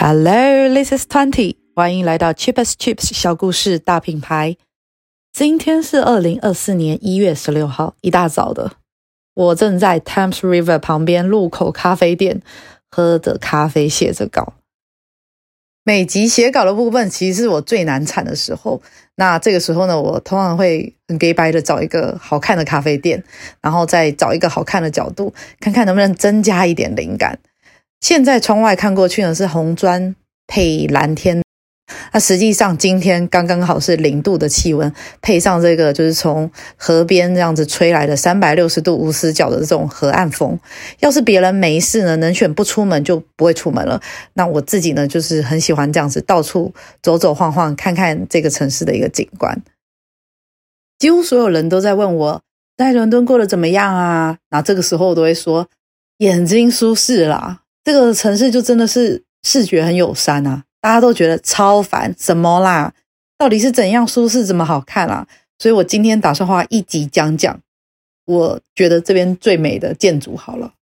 Hello, this is Twenty。歡迎來到 Cheap as Chips 小故事大品牌。今天是二零二四年一月十六號一大早的，我正在 Thames River 旁邊路口咖啡店喝着咖啡，寫着稿。每集寫稿的部分，其實是我最難產的時候。那這個時候呢，我通常會很 gay 掰的找一個好看的咖啡店，然後再找一個好看的角度，看看能不能增加一點靈感。現在窗外看過去呢，是紅磚配藍天。那實際上今天剛剛好是零度的氣溫，配上這個就是從河邊這樣子吹來的三百六十度無死角的這種河岸風。要是別人沒事呢，能選不出門就不會出門了。那我自己呢，就是很喜歡這樣子到處走走晃晃，看看這個城市的一個景觀。幾乎所有人都在問我，在倫敦過得怎麼樣啊？那這個時候我都會說，眼睛舒適啦！這個城市就真的是視覺很友善啊，大家都覺得超凡，怎麼啦？到底是怎樣舒適，怎麼好看啦？啊，所以我今天打算花一集講講，我覺得這邊最美的建築。好了，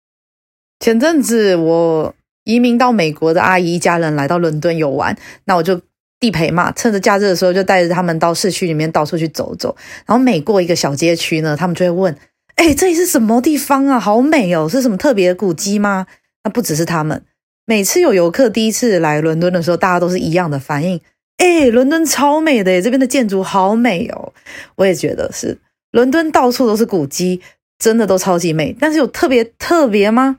前陣子我移民到美國的阿姨一家人來到倫敦遊玩，那我就地陪嘛，趁着假日的時候就帶着他們到市區裡面到處去走走。然後每過一個小街區呢，他們就會問：“哎，這裡是什麼地方啊？好美哦，是什麼特別的古蹟嗎？”那不只是他們，每次有遊客第一次來倫敦的時候，大家都是一樣的反應：哎，倫敦超美的耶，這邊的建築好美哦。我也覺得是，倫敦到處都是古蹟，真的都超級美。但是有特別特別嗎？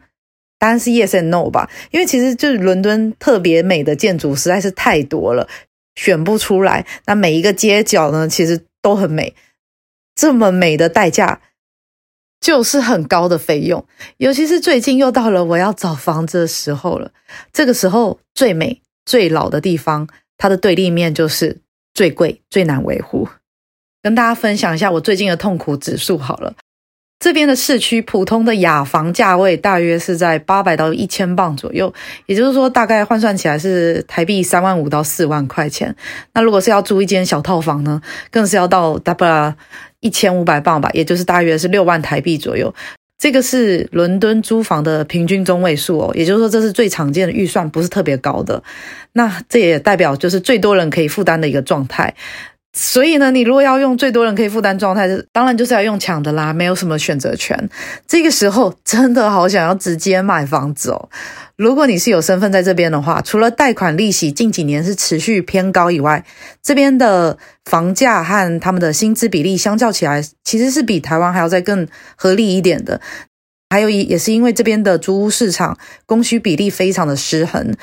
答案是 yes and no 吧，因為其實就是倫敦特別美的建築實在是太多了，選不出來。那每一個街角呢，其實都很美。這麼美的代價，就是很高的費用，尤其是最近又到了我要找房子的時候了。這個時候，最美最老的地方，它的對立面就是最貴最難維護。跟大家分享一下我最近的痛苦指數好了。這邊的市區普通的雅房價位大約是在八百到一千鎊左右，也就是說大概換算起來是台幣三萬五到四萬塊錢。那如果是要租一間小套房呢，更是要到差不多一千五百鎊吧，也就是大約是六萬台幣左右。這個是倫敦租房的平均中位數哦，也就是說這是最常見的預算，不是特別高的。那這也代表就是最多人可以負擔的一個狀態。所以呢，你如果要用最多人可以負擔狀態，當然就是要用搶的啦，沒有什麼選擇權。這個時候真的好想要直接買房子哦。如果你是有身份在這邊的話，除了貸款利息近幾年是持續偏高以外，這邊的房價和他們的薪資比例相較起來，其實是比台灣還要再更合理一點的。還有一也是因為這邊的租屋市場供需比例非常的失衡。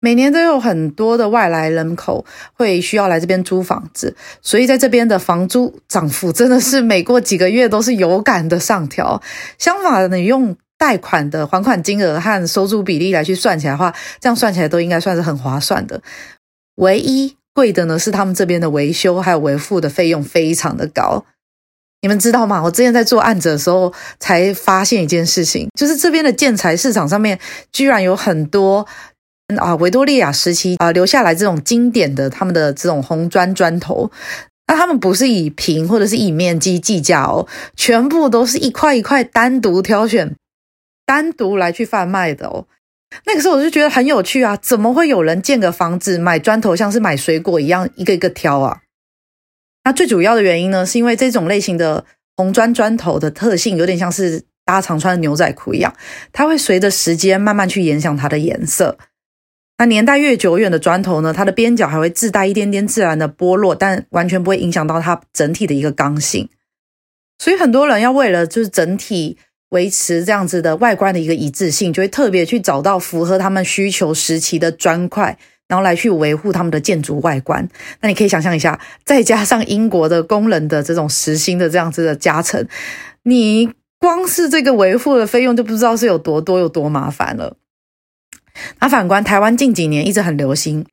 每年都有很多的外來人口會需要來這邊租房子，所以在這邊的房租漲幅真的是每過幾個月都是有感的上調。相反，你用貸款的還款金額和收租比例來去算起來的話，這樣算起來都應該算是很划算的。唯一貴的呢是他們這邊的維修還有維護的費用非常的高。你們知道嗎？我之前在做案子的時候才發現一件事情，就是這邊的建材市場上面居然有很多。啊，維多利亞時期啊，留下來這種經典的他們的這種紅磚磚頭，那他們不是以平或者是以面積計價哦，全部都是一塊一塊單獨挑選，單獨來去販賣的哦。那個時候我就覺得很有趣啊，怎麼會有人建個房子買磚頭像是買水果一樣一個一個挑啊？那最主要的原因呢，是因為這種類型的紅磚磚頭的特性有點像是大家常穿的牛仔褲一樣，它會隨着時間慢慢去影響它的顏色。那年代越久遠的磚頭呢，它的邊角還會自帶一點點自然的剝落，但完全不會影響到它整體的一個剛性。所以很多人要為了就是整體維持這樣子的外觀的一個一致性，就會特別去找到符合他們需求時期的磚塊，然後來去維護他們的建築外觀。那你可以想象一下，再加上英國的工人的這種時薪的這樣子的加成，你光是這個維護的費用就不知道是有多多、有多麻煩了。那、啊、反觀台灣近幾年一直很流行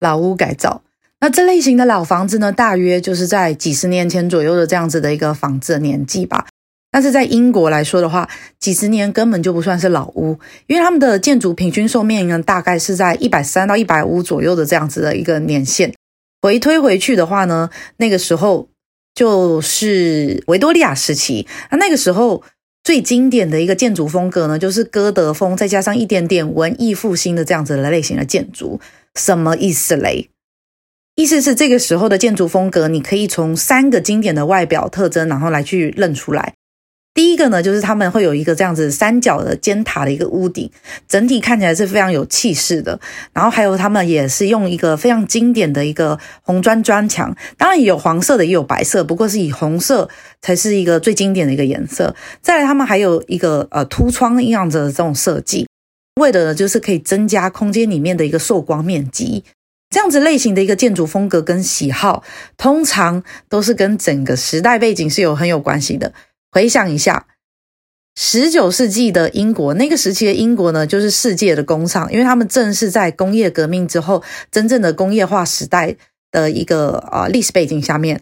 老屋改造，那這類型的老房子呢，大約就是在幾十年前左右的這樣子的一個房子的年紀吧。但是在英國來說的話，幾十年根本就不算是老屋，因為他們的建築平均壽命呢，大概是在一百三到一百五左右的這樣子的一個年限。回推回去的話呢，那個時候就是維多利亞時期，那那個時候，最經典的一個建築風格呢，就是哥德風，再加上一點點文藝復興的這樣子的類型的建築，什麼意思嘞？意思是這個時候的建築風格，你可以從三個經典的外表特徵，然後來去認出來。第一個呢，就是他們會有一個這樣子三角的尖塔的一個屋頂，整體看起來是非常有氣勢的。然後還有他們也是用一個非常經典的一個紅磚磚牆，當然也有黃色的，也有白色，不過是以紅色才是一個最經典的一個顏色。再來，他們還有一個呃凸窗樣子的這種設計，為的呢就是可以增加空間裡面的一個受光面積。這樣子類型的一個建築風格跟喜好，通常都是跟整個時代背景是有很有關係的。回想一下，十九世紀的英國，那個時期的英國呢，就是世界的工廠，因為他們正是在工業革命之後，真正的工業化時代的一個啊，呃，歷史背景下面。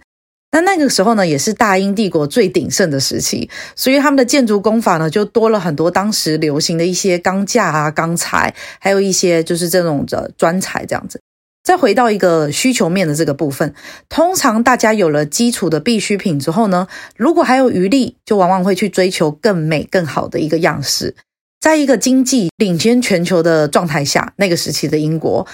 那那個時候呢，也是大英帝國最鼎盛的時期，所以他們的建築工法呢，就多了很多當時流行的一些鋼架啊、鋼材，還有一些就是這種的磚材這樣子。再回到一個需求面的這個部分，通常大家有了基礎的必需品之後呢，如果還有餘力，就往往會去追求更美、更好的一個樣式。在一個經濟領先全球的狀態下，那個時期的英國，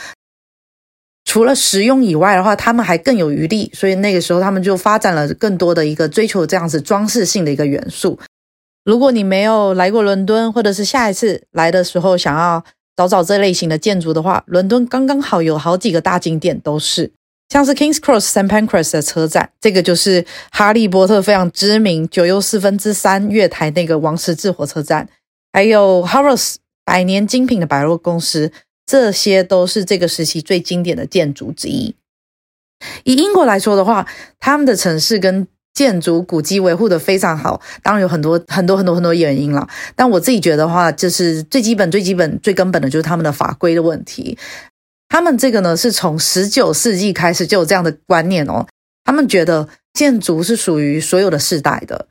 除了實用以外的話，他們還更有餘力，所以那個時候他們就發展了更多的一個追求這樣子裝飾性的一個元素。如果你沒有來過倫敦，或者是下一次來的時候想要，找找這類型的建築的話，倫敦剛剛好有好幾個大景點都是，像是 Kings Cross、St. Pancras 的車站，這個就是哈利波特非常知名九又四分之三月台那個王十字火車站，還有 Harrods 百年精品的百貨公司，這些都是這個時期最經典的建築之一。以英國來說的話，他們的城市跟建築古蹟維護的非常好，當然有很多很多很多很多原因啦。但我自己覺得的話，就是最基本、最基本、最根本的，就是他們的法規的問題。他們這個呢，是從十九世紀開始就有這樣的觀念哦。他們覺得建築是屬於所有的世代的，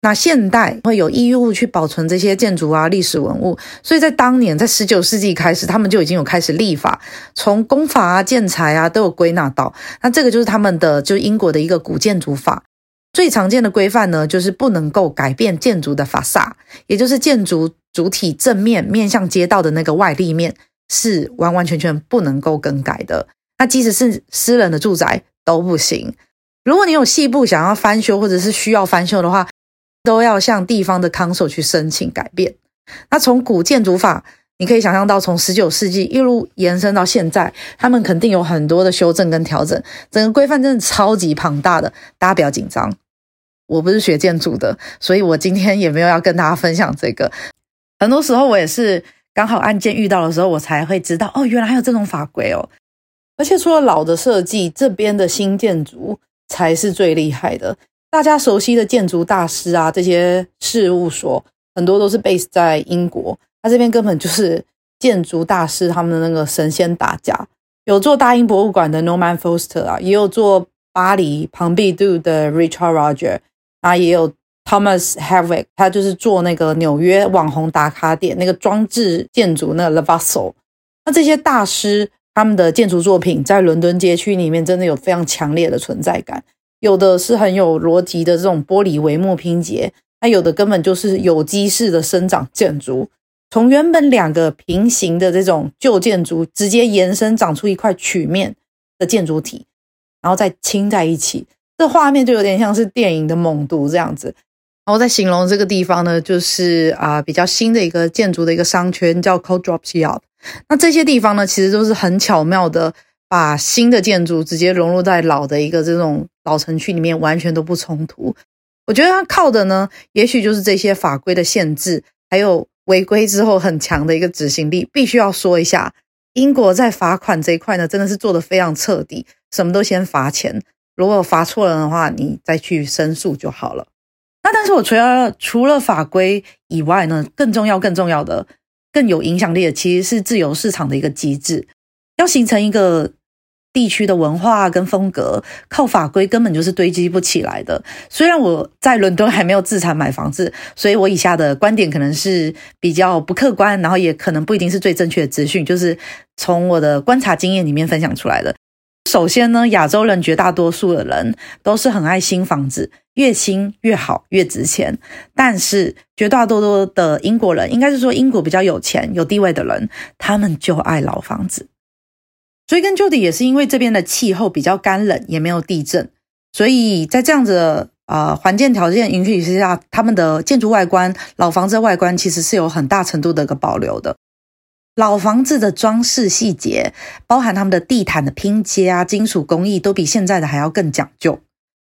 那現代會有義務去保存這些建築啊、歷史文物。所以在當年，在十九世紀開始，他們就已經有開始立法，從工法啊、建材啊都有歸納到。那這個就是他們的，就英國的一個古建築法。最常見的規範呢，就是不能夠改變建築的 facade，也就是建築主體正面面向街道的那個外立面，是完完全全不能夠更改的。那即使是私人的住宅都不行。如果你有細部想要翻修或者是需要翻修的話，都要向地方的 council 去申請改變。那從古建築法。你可以想象到，從十九世紀一路延伸到現在，他們肯定有很多的修正跟調整。整個規範真的超級龐大的，大家不要緊張。我不是學建築的，所以我今天也沒有要跟大家分享這個。很多時候我也是剛好案件遇到的時候，我才會知道哦，原來還有這種法規哦。而且除了老的設計，這邊的新建築才是最厲害的。大家熟悉的建築大師啊，這些事務所很多都是 base 在英國。他這邊根本就是建築大師他們的那個神仙打架，有做大英博物館的 Norman Foster 啊，也有做巴黎蓬皮杜的 Richard Rogers 啊，也有 Thomas Heatherwick，他就是做那個紐約網紅打卡點那個裝置建築那個 the Vessel。那這些大師他們的建築作品在倫敦街區裡面真的有非常強烈的存在感，有的是很有邏輯的這種玻璃帷幕拼接，那有的根本就是有機式的生長建築。從原本兩個平行的這種舊建築，直接延伸長出一塊曲面的建築體，然後再拼在一起，這畫面就有點像是電影的猛毒這樣子。然後在形容這個地方呢，就是啊比較新的一個建築的一個商圈，叫 Coal Drops Yard。那這些地方呢，其實都是很巧妙的把新的建築直接融入在老的一個這種老城區裡面，完全都不衝突。我覺得它靠的呢，也許就是這些法規的限制，還有。違規之後很強的一個執行力，必須要說一下，英國在罰款這一塊呢，真的是做得非常徹底，什麼都先罰錢，如果罰錯了的話，你再去申訴就好了。那但是我除了除了法規以外呢，更重要、更重要的、更有影響力的，其實是自由市場的一個機制，要形成一個。地區的文化跟風格，靠法規根本就是堆積不起來的。雖然我在倫敦還沒有資產買房子，所以我以下的觀點可能是比較不客觀，然後也可能不一定是最正確的資訊，就是從我的觀察經驗裡面分享出來的。首先呢，亞洲人絕大多數的人都是很愛新房子，越新越好，越值錢。但是絕大多數的英國人，應該是說英國比較有錢有地位的人，他們就愛老房子。追根究底也是因為這邊的氣候比較乾冷，也沒有地震，所以在這樣子啊、呃、環境條件允許之下，他們的建築外觀、老房子外觀其實是有很大程度的一個保留的。老房子的裝飾細節，包含他們的地毯的拼接啊、金屬工藝，都比現在的還要更講究。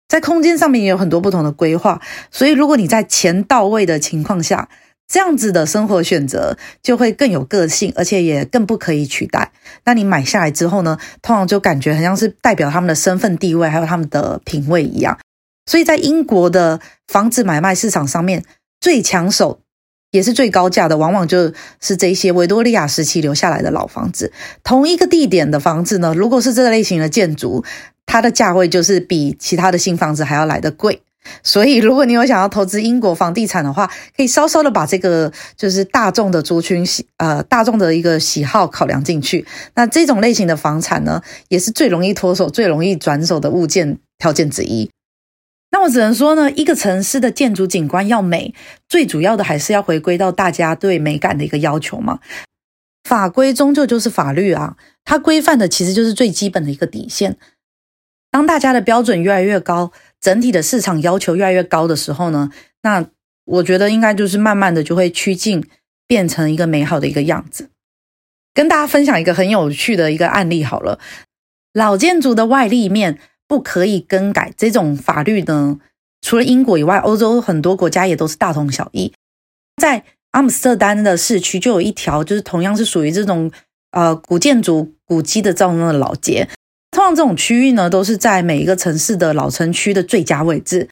在空間上面也有很多不同的規劃，所以如果你在錢到位的情況下，這樣子的生活選擇就會更有個性，而且也更不可以取代。那你買下來之後呢，通常就感覺好像是代表他們的身份地位，還有他們的品味一樣。所以在英國的房子買賣市場上面，最搶手也是最高價的，往往就是這些維多利亞時期留下來的老房子。同一個地點的房子呢，如果是這類型的建築，它的價位就是比其他的新房子還要來得貴。所以，如果你有想要投資英國房地產的話，可以稍稍的把這個就是大眾的族群喜呃大眾的一個喜好考量進去。那這種類型的房產呢，也是最容易脫手、最容易轉手的物件條件之一。那我只能說呢，一個城市的建築景觀要美，最主要的還是要回歸到大家對美感的一個要求嘛。法規終究就是法律啊，它規範的其實就是最基本的一個底線。當大家的標準越來越高，整體的市場要求越來越高的時候呢，那我覺得應該就是慢慢的就會趨近變成一個美好的一個樣子。跟大家分享一個很有趣的一個案例好了，老建築的外立面不可以更改這種法律呢，除了英國以外，歐洲很多國家也都是大同小異。在阿姆斯特丹的市區就有一條，就是同樣是屬於這種呃古建築古蹟的這樣的老街。通常這種區域呢，都是在每一個城市的老城區的最佳位置，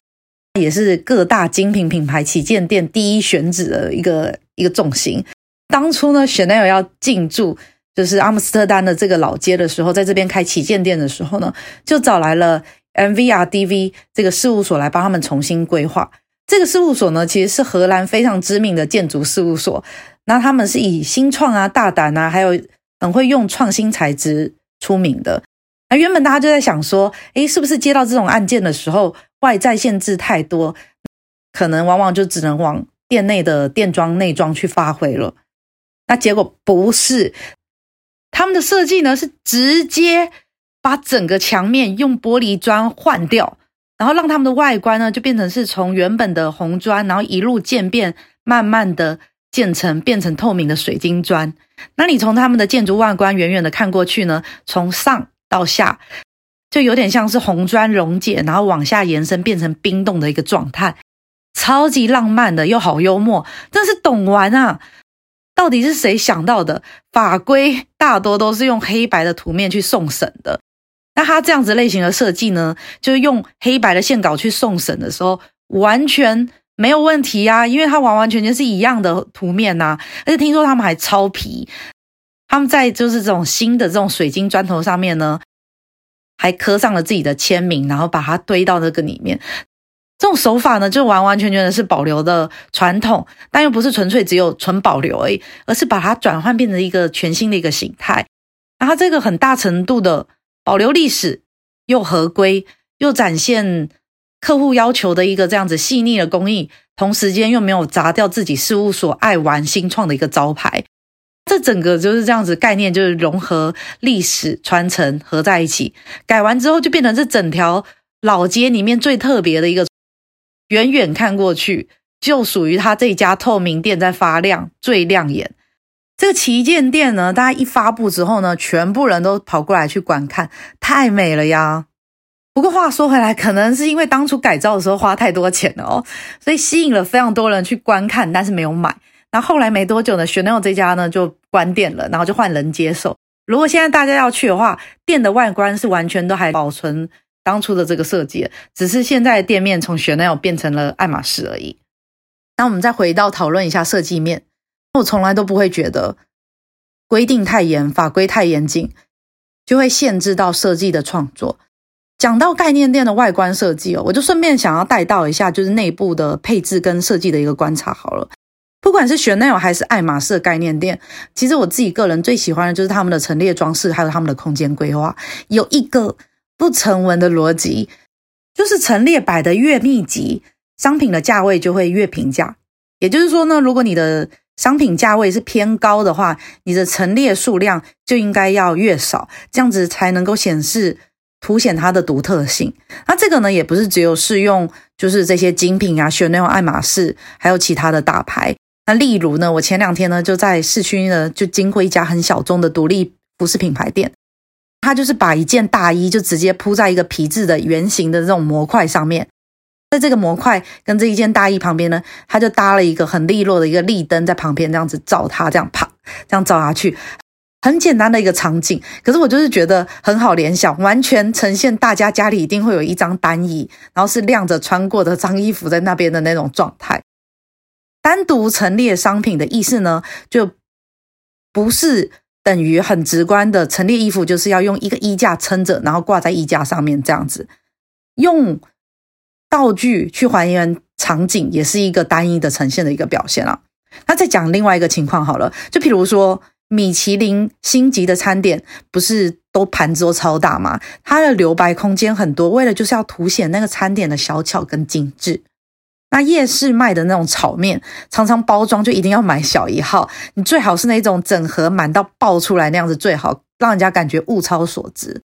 也是各大精品品牌旗艦店第一選址的一個一個重心。當初呢，Chanel 要進駐就是阿姆斯特丹的這個老街的時候，在這邊開旗艦店的時候呢，就找來了 MVRDV 這個事務所來幫他們重新規劃。這個事務所呢，其實是荷蘭非常知名的建築事務所，那他們是以新創啊、大膽啊，還有很會用創新材質出名的。那原本大家就在想說，誒，是不是接到這種案件的時候，外在限制太多，可能往往就只能往店內的店裝內裝去發揮了。那結果不是，他們的設計呢是直接把整個牆面用玻璃磚換掉，然後讓他們的外觀呢就變成是從原本的紅磚，然後一路漸變，慢慢的漸成變成透明的水晶磚。那你從他們的建築外觀遠遠的看過去呢，從上，到下就有點像是紅磚溶解，然後往下延伸變成冰凍的一個狀態，超級浪漫的又好幽默，但是懂玩啊！到底是誰想到的？法規大多都是用黑白的圖面去送審的，那他這樣子類型的設計呢，就是用黑白的線稿去送審的時候完全沒有問題啊，因為它完完全全是一樣的圖面呐、啊，而且聽說他們還超皮。他們在就是這種新的這種水晶磚頭上面呢，還刻上了自己的簽名，然後把它堆到那個裡面。這種手法呢，就完完全全的是保留的傳統，但又不是純粹只有純保留而已，而是把它轉換變成一個全新的一個形態。然後這個很大程度的保留歷史，又合規，又展現客戶要求的一個這樣子細膩的工藝，同時間又沒有砸掉自己事務所愛玩新創的一個招牌。這整個就是這樣子概念，就是融合歷史傳承合在一起，改完之後就變成這整條老街裡面最特別的一個。遠遠看過去，就屬於它這家透明店在發亮，最亮眼。這個旗艦店呢，大家一發布之後呢，全部人都跑過來去觀看，太美了呀！不過話說回來，可能是因為當初改造的時候花太多錢了哦，所以吸引了非常多人去觀看，但是沒有買。那後，後來沒多久呢，Chanel 這家呢就關店了，然後就換人接手。如果現在大家要去的話，店的外觀是完全都還保存當初的這個設計了，只是現在店面從 Chanel 變成了愛馬仕而已。那我們再回到討論一下設計面，我從來都不會覺得規定太嚴、法規太嚴謹就會限制到設計的創作。講到概念店的外觀設計哦，我就順便想要帶到一下，就是內部的配置跟設計的一個觀察好了。不管是香奈兒還是愛馬仕的概念店，其實我自己個人最喜歡的就是他們的陳列裝飾，還有他們的空間規劃。有一個不成文的邏輯，就是陳列擺得越密集，商品的價位就會越平價。也就是說呢，如果你的商品價位是偏高的話，你的陳列數量就應該要越少，這樣子才能夠顯示凸顯它的獨特性。那這個呢，也不是只有適用，就是這些精品啊，啊香奈兒愛馬仕，還有其他的大牌。那例如呢，我前兩天呢就在市區呢就經過一家很小眾的獨立服飾品牌店，他就是把一件大衣就直接鋪在一個皮質的圓形的這種模塊上面，在這個模塊跟這一件大衣旁邊呢，他就搭了一個很利落的一個立燈在旁邊，這樣子照它，這樣啪這樣照下去，很簡單的一個場景。可是我就是覺得很好聯想，完全呈現大家家裡一定會有一張單椅，然後是晾着穿過的髒衣服在那邊的那種狀態。單獨陳列商品的意思呢，就不是等於很直觀的陳列衣服，就是要用一個衣架撐着，然後掛在衣架上面這樣子。用道具去還原場景，也是一個單一的呈現的一個表現啊。那再講另外一個情況好了，就譬如說米其林星級的餐點，不是都盤子都超大嗎？它的留白空間很多，為了就是要凸顯那個餐點的小巧跟精緻。那夜市賣的那種炒麵，常常包裝就一定要買小一號。你最好是那種整盒滿到爆出來那樣子最好，讓人家感覺物超所值。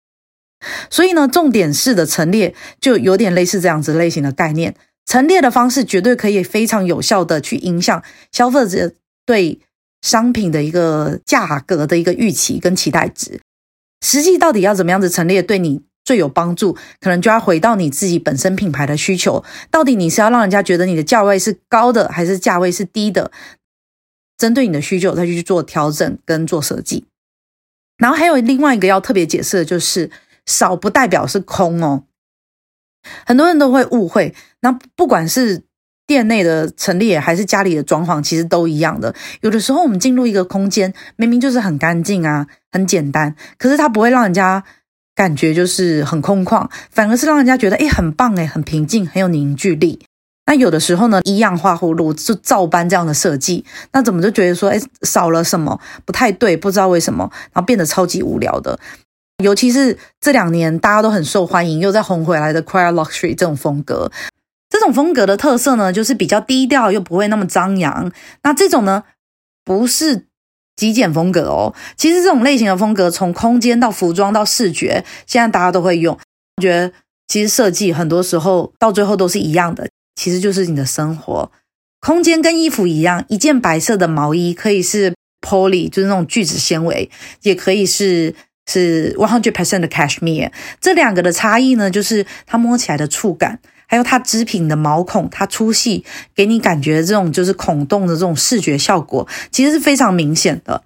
所以呢，重點式的陳列就有點類似這樣子類型的概念。陳列的方式絕對可以非常有效的去影響消費者對商品的一個價格的一個預期跟期待值。實際到底要怎麼樣子陳列，對你最有幫助，可能就要回到你自己本身品牌的需求，到底你是要讓人家覺得你的價位是高的，還是價位是低的？針對你的需求再去做調整跟做設計。然後還有另外一個要特別解釋的就是，少不代表是空哦，很多人都會誤會。那不管是店內的陳列，還是家裡的裝潢，其實都一樣的。有的時候我們進入一個空間，明明就是很乾淨啊，很簡單，可是它不會讓人家。感覺就是很空曠，反而是讓人家覺得誒、欸、很棒誒、欸、很平靜，很有凝聚力。那有的時候呢，一樣畫葫蘆就照搬這樣的設計，那怎麼就覺得說誒、欸、少了什麼不太對，不知道為什麼，然後變得超級無聊的。尤其是這兩年大家都很受歡迎又再紅回來的 Quiet Luxury 這種風格，這種風格的特色呢，就是比較低調又不會那麼張揚。那這種呢，不是極簡風格哦，其實這種類型的風格，從空間到服裝到視覺，現在大家都會用。我覺得其實設計很多時候到最後都是一樣的，其實就是你的生活空間跟衣服一樣，一件白色的毛衣可以是 poly，就是那種聚酯纖維，也可以是是 one hundred percent 的 cashmere。這兩個的差異呢，就是它摸起來的觸感。還有它織品的毛孔，它粗細給你感覺，這種就是孔洞的這種視覺效果，其實是非常明顯的。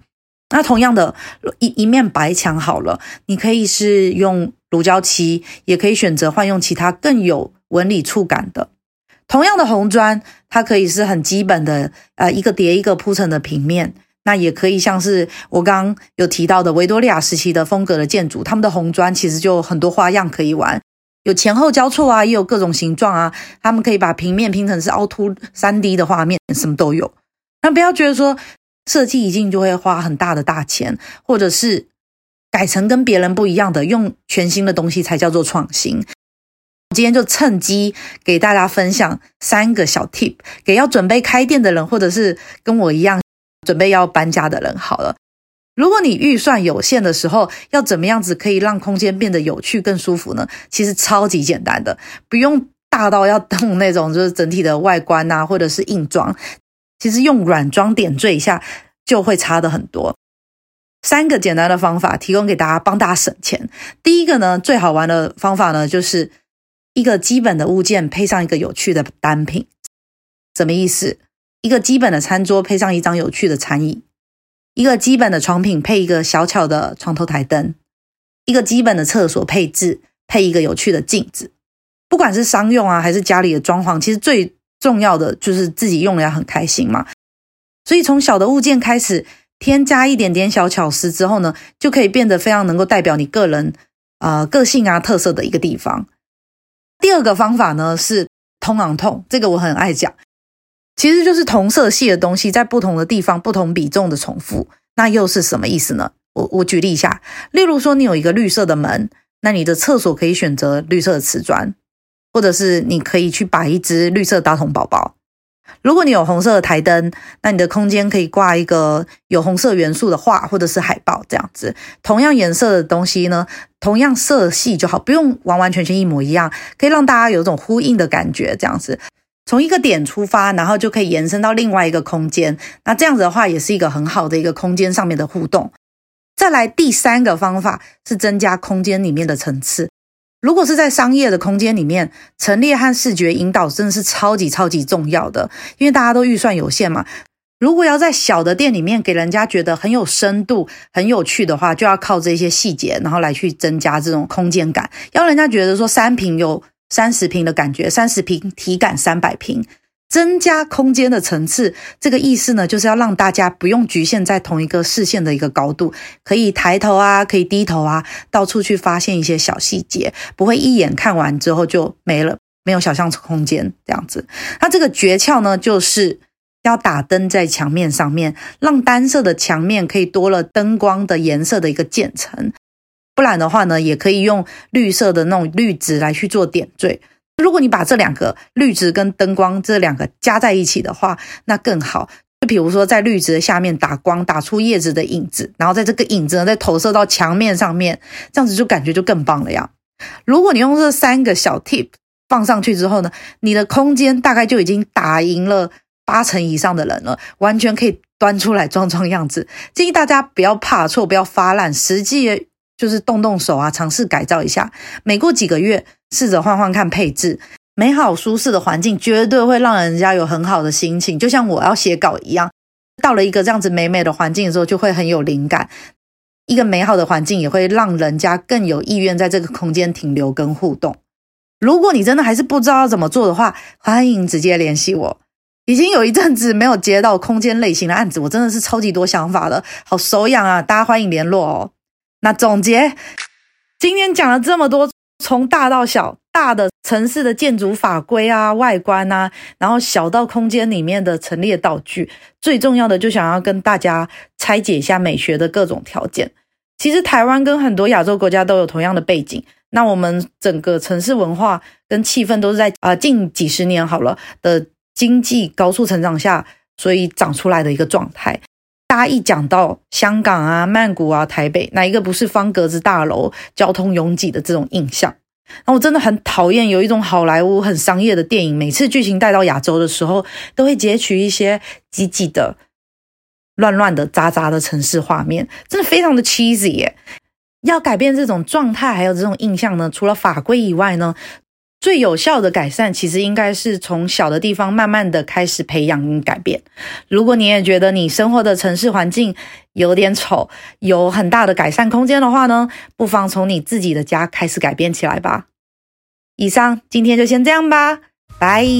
那同樣的，一一面白牆好了，你可以是用乳膠漆，也可以選擇換用其他更有紋理觸感的。同樣的紅磚，它可以是很基本的，呃，一個疊一個鋪成的平面，那也可以像是我剛有提到的維多利亞時期的風格的建築，他們的紅磚其實就很多花樣可以玩。有前後交錯啊，也有各種形狀啊，他們可以把平面拼成是凹凸三 D 的畫面，什麼都有。那不要覺得說設計一定就會花很大的大錢，或者是改成跟別人不一樣的，用全新的東西才叫做創新。今天就趁機給大家分享三個小 tip，給要準備開店的人，或者是跟我一樣準備要搬家的人。好了。如果你預算有限的時候，要怎麼樣子可以讓空間變得有趣更舒服呢？其實超級簡單的，不用大到要動那種，就是整體的外觀吶、啊，或者是硬裝，其實用軟裝點綴一下就會差的很多。三個簡單的方法提供給大家，幫大家省錢。第一個呢，最好玩的方法呢，就是一個基本的物件配上一個有趣的單品。怎麼意思？一個基本的餐桌配上一張有趣的餐椅。一個基本的床品配一個小巧的床頭台燈，一個基本的廁所配置配一個有趣的鏡子，不管是商用啊還是家裡的裝潢，其實最重要的就是自己用了要很開心嘛。所以從小的物件開始添加一點點小巧思之後呢，就可以變得非常能夠代表你個人呃個性啊特色的一個地方。第二個方法呢是 Tone on Tone，這個我很愛講。其實就是同色系的東西在不同的地方、不同比重的重複，那又是什麼意思呢？我我舉例一下，例如說你有一個綠色的門，那你的廁所可以選擇綠色的瓷磚，或者是你可以去擺一隻綠色的大同寶寶。如果你有紅色的台燈，那你的空間可以掛一個有紅色元素的畫或者是海報，這樣子，同樣顏色的東西呢，同樣色系就好，不用完完全全一模一樣，可以讓大家有一種呼應的感覺，這樣子。從一個點出發，然後就可以延伸到另外一個空間。那這樣子的話，也是一個很好的一個空間上面的互動。再來第三個方法是增加空間裡面的層次。如果是在商業的空間裡面，陳列和視覺引導真的是超級超級重要的，因為大家都預算有限嘛。如果要在小的店裡面給人家覺得很有深度、很有趣的話，就要靠這些細節，然後來去增加這種空間感，要人家覺得說三坪有，三十平的感覺，三十平體感三百平，增加空間的層次，這個意思呢，就是要讓大家不用局限在同一個視線的一個高度，可以抬頭啊，可以低頭啊，到處去發現一些小細節，不會一眼看完之後就沒了，沒有想像空間這樣子。那這個訣竅呢，就是要打燈在牆面上面，讓單色的牆面可以多了燈光的顏色的一個漸層。不然的話呢，也可以用綠色的那種綠植來去做點綴。如果你把這兩個綠植跟燈光這兩個加在一起的話，那更好。就比如說在綠植的下面打光，打出葉子的影子，然後在這個影子呢再投射到牆面上面，這樣子就感覺就更棒了呀。如果你用這三個小 tip 放上去之後呢，你的空間大概就已經打贏了八成以上的人了，完全可以端出來裝裝樣子。建議大家不要怕錯，不要發爛，實際。就是動動手啊，嘗試改造一下。每過幾個月，試着換換看配置。美好舒適的環境絕對會讓人家有很好的心情，就像我要寫稿一樣，到了一個這樣子美美的環境的時候，就會很有靈感。一個美好的環境也會讓人家更有意願在這個空間停留跟互動。如果你真的還是不知道要怎麼做的話，歡迎直接聯繫我。已經有一陣子沒有接到空間類型的案子，我真的是超級多想法的，好手癢啊！大家歡迎聯絡哦。那總結，今天講了這麼多，從大到小，大的城市的建築法規啊、外觀啊，然後小到空間裡面的陳列道具，最重要的就想要跟大家拆解一下美學的各種條件。其實台灣跟很多亞洲國家都有同樣的背景，那我們整個城市文化跟氣氛都是在啊、呃、近幾十年好了的經濟高速成長下，所以長出來的一個狀態。他一講到香港啊、曼谷啊、台北，哪一個不是方格子大樓、交通擁擠的這種印象？那我真的很討厭有一種好萊塢很商業的電影，每次劇情帶到亞洲的時候，都會截取一些擠擠的、亂亂的、渣渣的城市畫面，真的非常的 cheesy 欸。要改變這種狀態，還有這種印象呢？除了法規以外呢？最有效的改善，其實應該是從小的地方慢慢的開始培養與改變。如果你也覺得你生活的城市環境有點醜，有很大的改善空間的話呢，不妨從你自己的家開始改變起來吧。以上，今天就先這樣吧，拜。